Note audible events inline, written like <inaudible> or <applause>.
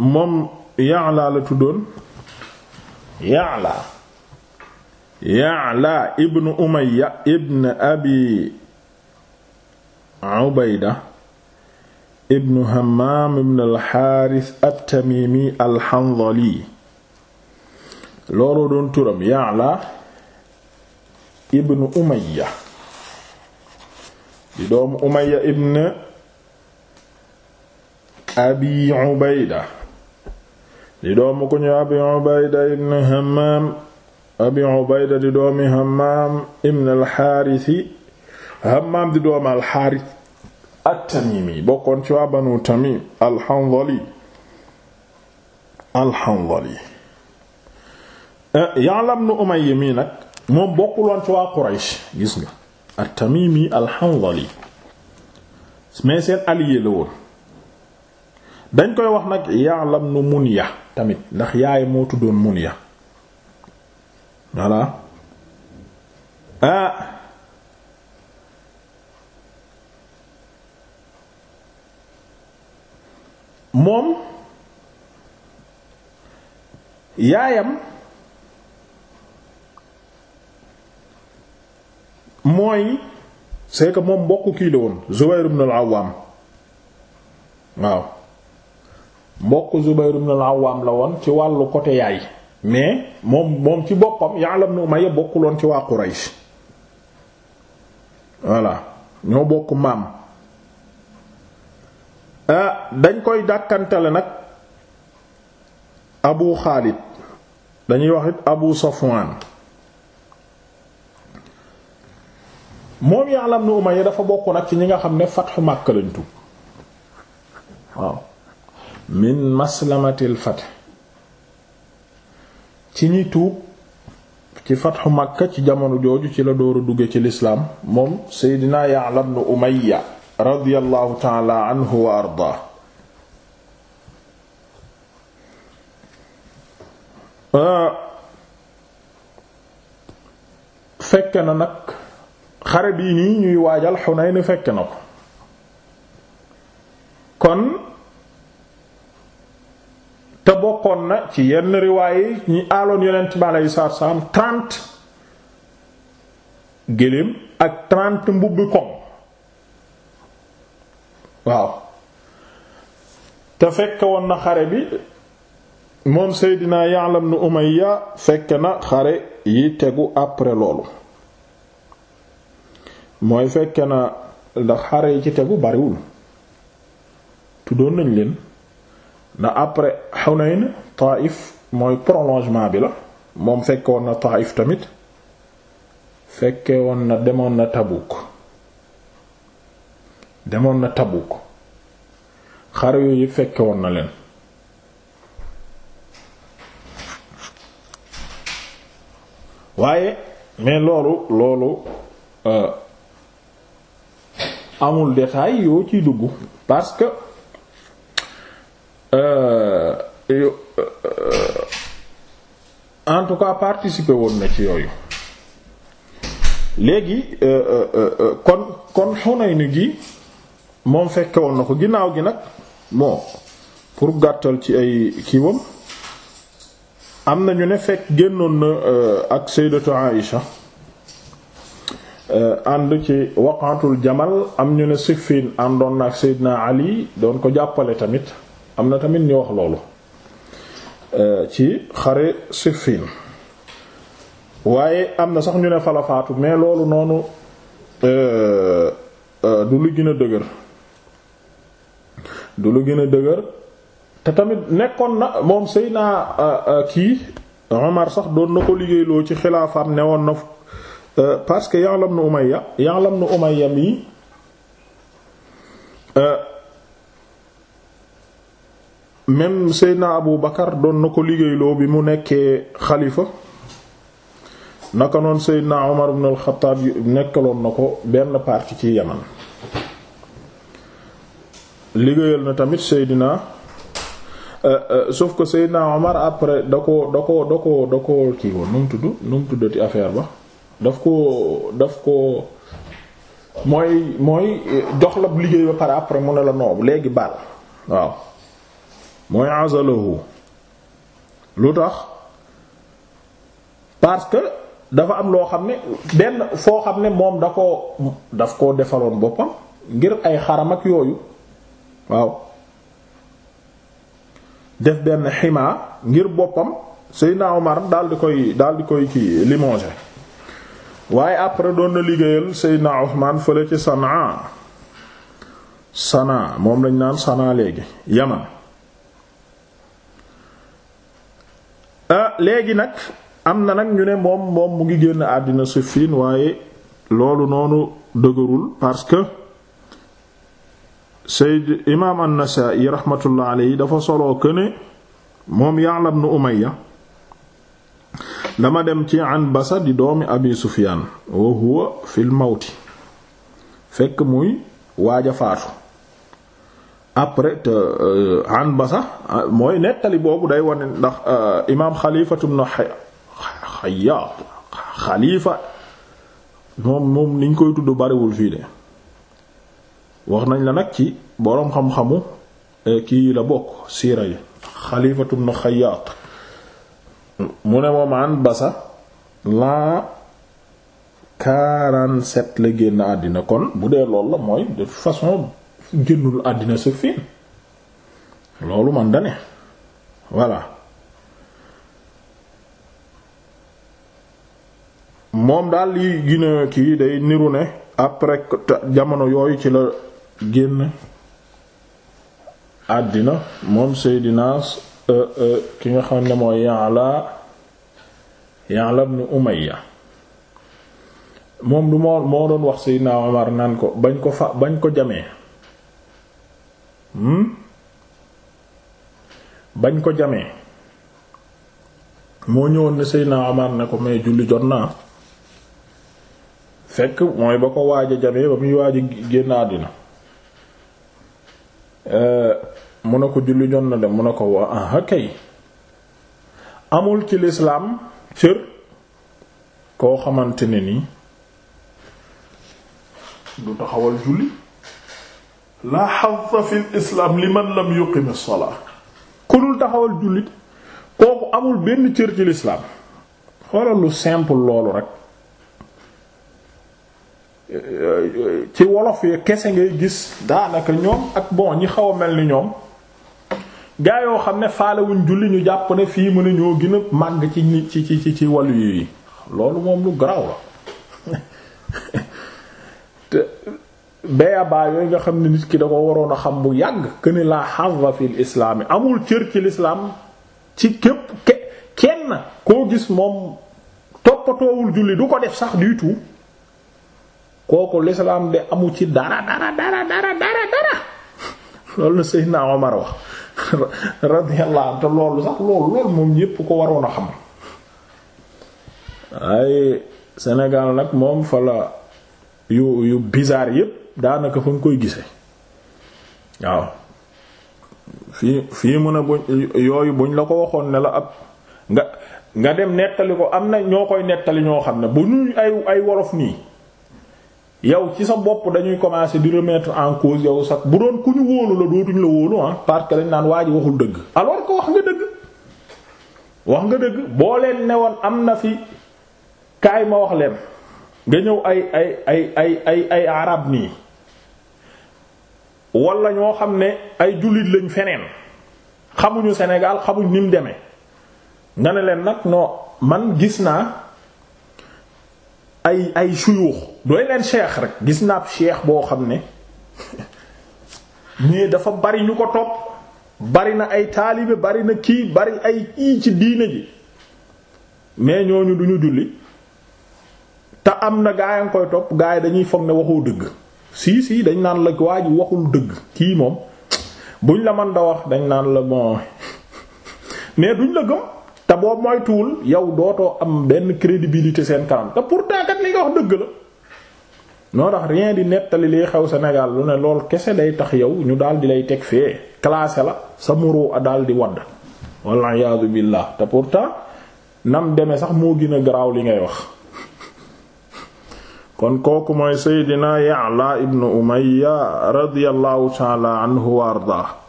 moom Ya'la la tuddoon Ya'la Ya'la ibn Umayya ibn Abi Ubayda ibn Hammam ibn al-Harith at-Tamimi al-Hanzali looloo doon turam Ya'la ibn Umayya di doomu Umayya ibn abi ubayda di doomu ku ñu abi ubayda ibn hammaam abi ubayda di doomi hammaam ibn alxaarisi hammaam di doomi alxaaris attamimi bokkoon ci waa banu tamim alxandali alxandali eh, Ya'la ibn Umayya mii nag moom bokkuloon ci waa Quraysh gis nga attamimi alxandali mais seen allié la woon dañ koy wax nag yaalam nu munya tamit ndax yaay moo tuddoon munya voilà ah moom yaayam mooy c'est que moom mbokk kii la woon Zubayr ibn al-Awwam waaw mbokk Zubayr ibn al-Awwam la woon ci wàllu côté yaay mais moom moom ci boppam Ya'la ibn Umayya bokkuloon ci waa Quraysh voilà ñoo bokk maam euh, dañ koy dàkkantale nag Abu Xaalid dañuy wax it Abu Safwan moom Ya'la ibn Umayya dafa bokk nag ci ñi nga xam ne fatxu Makka waaw min maslamatil fath ci ñi tuub ci fatxu Makka ci jamono jooju ci la dooru dugge ci lislaam moom seydinaa Ya'la ibn Umayya radiyallahu taala anhu wa ardaa fekk na nag xare bii nii ñuy waajal Xunayn fekk na ko kon te bokkoon na ci yenn riwaay yi ñi aaloon yonent bi aleyhi salaatu salaam trente géléem ak trente mbubbi koŋ waaw te fekke woon na xare bi moom Seydina Ya'la ibn Umayya fekke na xare yi tegu après loolu mooy fekke na ndax xare yi ci tegu bariwul tuddoon nañ leen na après Hunayn Taif mooy prolongement bi la moom fekke woon na Taif tamit fekke woon na demoon na Tabuk demoon na Tabuk xare yooyu yëpp fekke woon na leen waaye mais loolu loolu euh, amul détail yoo ciy dugg parce que Euh, euh, en tout cas participer woon na ci yooyu léegi euh, kon kon Hunayn gi moom fekke woon na ko ginnaaw gi nag moo pour gàttal ci ay kiiwam am na ñu ne fekk génnoon na ak Sayyidatu Aïsha ànd ci waqatul jamal am ñu ne Siffin àndoon na ak Sayyidina Ali doon ko jàppale tamit am na tamit ñu wax loolu euh, ci xare Siffin waaye am na sax ñu ne fa la mais loolu noonu euh, euh, du lu gën a dëgër du lu gën a dëgër te tamit nekkoon na moom sëy naa kii Omar sax doon na ko liggéeyloo ci xilaafaam newoon na parce que Ya'lam nu Umayya Ya'lam nu Umayya mi même Seydina Abu Bakar doon na ko liggéeyloo bi mu nekkee xalifa naka noonu Seydina Umar ibn al-Khattab nekkaloon na ko benn partie ci Yaman liggéeyal na tamit Seydina euh, euh, sauf que Seydina Umar après da ko da ko da ko da ko kii woon nu mu tudd nu mu tuddati affaire ba daf ko daf ko mooy mooy jox la liggéey ba pare après mu ne la noobu léegi baal waaw mooy azalahu lu tax parce que dafa am loo xam ne benn foo xam ne moom da ko daf koo defaloon boppam ngir ay xaram ak yooyu waaw def benn ximaa ngir boppam Seydina Omar daal di koy daal di koy kii limogé waaye après doon na liggéeyal Seydina Ousmane fële ci Sanaa Sanaa moom lañ naan Sanaa léegi Yaman léegi nag am na nag ñu ne moom moom mu ngi génn àddina Siffin waaye loolu noonu dëgërul parce que Sayyid imaam an-Nasaa'i rahmatullah alayhi dafa soloo këne moom Ya'la ibn Umayya dama dem ci Anbasa di doomi Abi Sufyaan wa huwa fil mawti fekk muy waaja faatu après te euh, an ba euh, mooy nettali boobu day wane ndax euh, imaam xalifatu ibn xayaat xalifa moom moom niñ koy tudd bariwul fii de wax nañ la nag ci boroom xam-xamu kii la bokk siira yi xalifatu ibn xayaat mu ne moom an basa laa set la génn àddina kon bu dee lool la mooy de façon génnul àddina sa fiin loolu man da ne voilà moom daal li gina kii day niru ne après jamono yooyu ci la génn àddina moom Seydina euh, euh, ki nga xam ne mooy Ya'la Ya'la ibn Umayya moom lu moo moo doon wax Seydina Omar naan ko bañ ko fa bañ ko jamee Hmm? bañ ko jamee moo ñëwoon ne Seydina Omar ne ko mais julli jot naa fekk mooy ba ko waaj a jamee ba muy waaj génn àddina euh, mu ne ko julli jot na de mu ne ko waa ah kay amul ci lislaam cër koo xamante ne ni du taxawal julli la hazza fil li man lam yuqim as-salaa ku dul taxawal jullit kooku amul benn cër ci lislaam xoolal lu simple loolu rek ci wolof yi kese ngay gis daanaka ñoom ak bon ñi xaw a mel ni ñoom gaa yoo xam ne faalewuñ julli ñu jàpp ne fii mu ne ñoo gën a màgg ci ci ci ci wàllu yi loolu moom lu garaaw la. <laughs> baya baa yooyu nga xam ne nit ki da ko waroon a xam bu yàgg këni laa hazza fil islaami amul cër ci lislaam ci képp ke kenn koo gis moom toppatoowul julli du ko def sax du kooku lislaam de amu ci dara dara dara dara dara dara na <laughs> Seydina Omar wax <laughs> radiyallahu te loolu sax loolu loolu moom ñépp ko waroon a xam waaye Sénégal nag moom fa la yu yu bizarre yépp daanaka fa nga koy gise waaw fii fii mun a buñ yooyu buñ la ko waxoon ne la ab nga nga dem nettali ko am na ñoo koy nettali ñoo xam ne bu ñuy ay ay worof nii yow ci sa bopp dañuy commencer di remettre en cause yow sax bu doon ku ñu wóolu la dootuñ la wóolu ah parce que dañ naan waa ji waxul dëgg alors que wax nga dëgg wax nga dëgg boo leen ne woon am na fi kaay ma wax leen nga ñëw ay ay ay ay ay ay arab nii wala ñoo xam ne ay jullit lañ feneen xamuñu Sénégal xamuñ ni deme demee nga ne leen nag non man gis naa ay ay suyuux dooy leen cheikh rek gis naa ab cheikh boo xam ne ñii <laughs> dafa bari ñu ko topp bari na ay taalibe bari na kii bari ay kii ci diine ji mais ñooñu duñu julli te am na gaa koy topp gaa yi dañuy foog ne waxoo dëgg. si sii dañ naan la waa ji waxul dëgg kii moom buñ la man da wax dañ naan la bon <laughs> mais duñ la gëm te boo moytuwul yow dootoo am benn crédibilité seen kanam te pourtant kat li nga wax dëgg la. noo tax rien di nettali liy xew senegal lu ne lool kese day tax yow ñu daal di lay teg fee classé la sa muru a daal di wadd walla iyaadu te pour pourtant nam deme sax moo gën a garaaw li ngay wax. kon kooku mooy seydina Ya'la ibnu Umayya radiyallahu ta'ala anhu wa ardaa